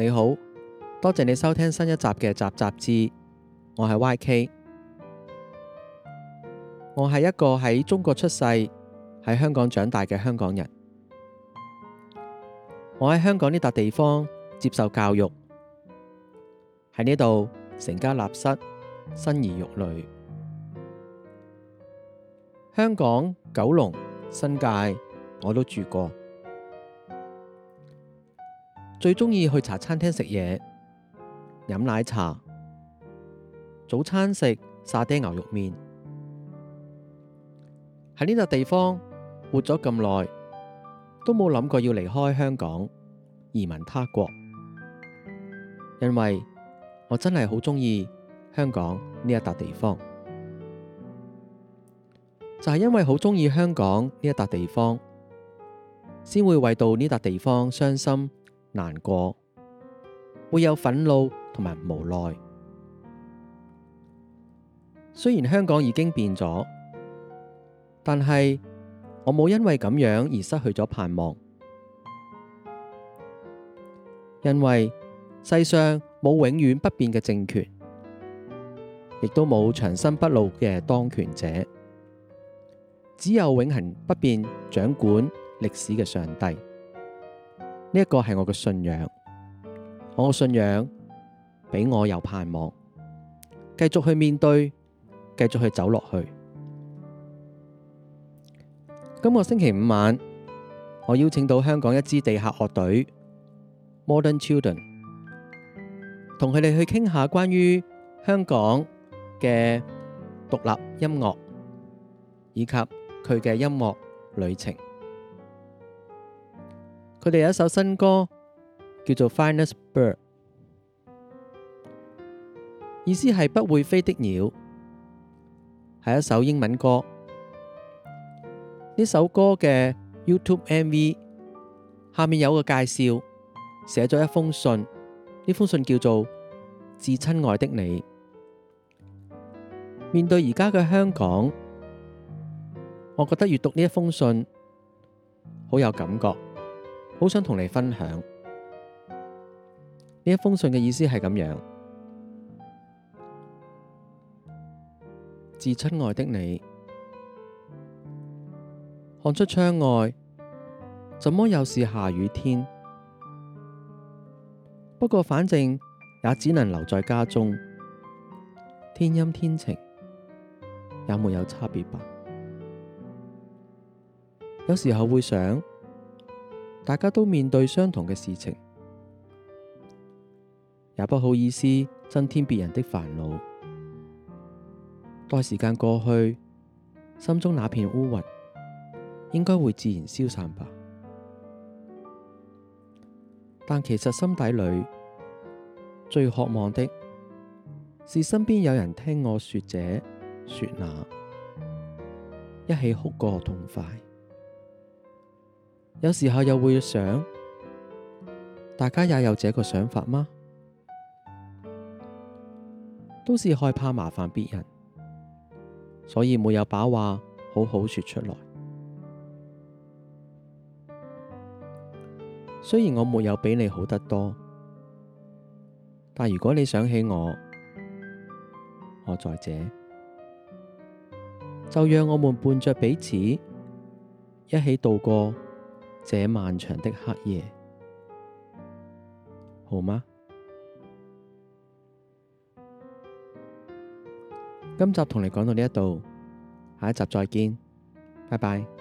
你好，多謝你收聽新一集嘅《雜雜誌》，我係 YK，我係一個喺中國出世、喺香港長大嘅香港人，我喺香港呢笪地方接受教育，喺呢度成家立室、生兒育女，香港、九龍、新界我都住過。最鍾意去茶餐廳食嘢，飲奶茶，早餐食沙爹牛肉麵。喺呢笪地方活咗咁耐，都冇諗過要離開香港移民他國，因為我真係好鍾意香港呢一笪地方。就係因為好鍾意香港呢一笪地方，先會為到呢笪地方傷心。難過會有憤怒同埋無奈，雖然香港已經變咗，但係我冇因為咁樣而失去咗盼望，因為世上冇永遠不變嘅政權，亦都冇長生不老嘅當權者，只有永恆不變掌管歷史嘅上帝。呢一個係我嘅信仰，我嘅信仰俾我有盼望，繼續去面對，繼續去走落去。今個星期五晚，我邀請到香港一支地下樂隊 Modern Children，同佢哋去傾下關於香港嘅獨立音樂以及佢嘅音樂旅程。佢哋有一首新歌叫做《Finest Bird》，意思係不會飛的鳥，係一首英文歌。呢首歌嘅 YouTube MV 下面有個介紹，寫咗一封信。呢封信叫做《致親愛的你》。面對而家嘅香港，我覺得閱讀呢一封信好有感覺。好想同你分享呢一封信嘅意思係咁樣，致親愛的你，看出窗外，怎麼又是下雨天？不過反正也只能留在家中，天陰天晴也沒有差別吧。有時候會想。大家都面對相同嘅事情，也不好意思增添別人的煩惱。待時間過去，心中那片烏雲應該會自然消散吧？但其實心底裏最渴望的，是身邊有人聽我說這說那，一起哭過痛快。有時候又會想，大家也有這個想法嗎？都是害怕麻煩別人，所以沒有把話好好說出來。雖然我沒有比你好得多，但如果你想起我，我在這，就讓我們伴着彼此，一起度過這漫長的黑夜，好嗎？今集同你講到呢一度，下一集再見，拜拜。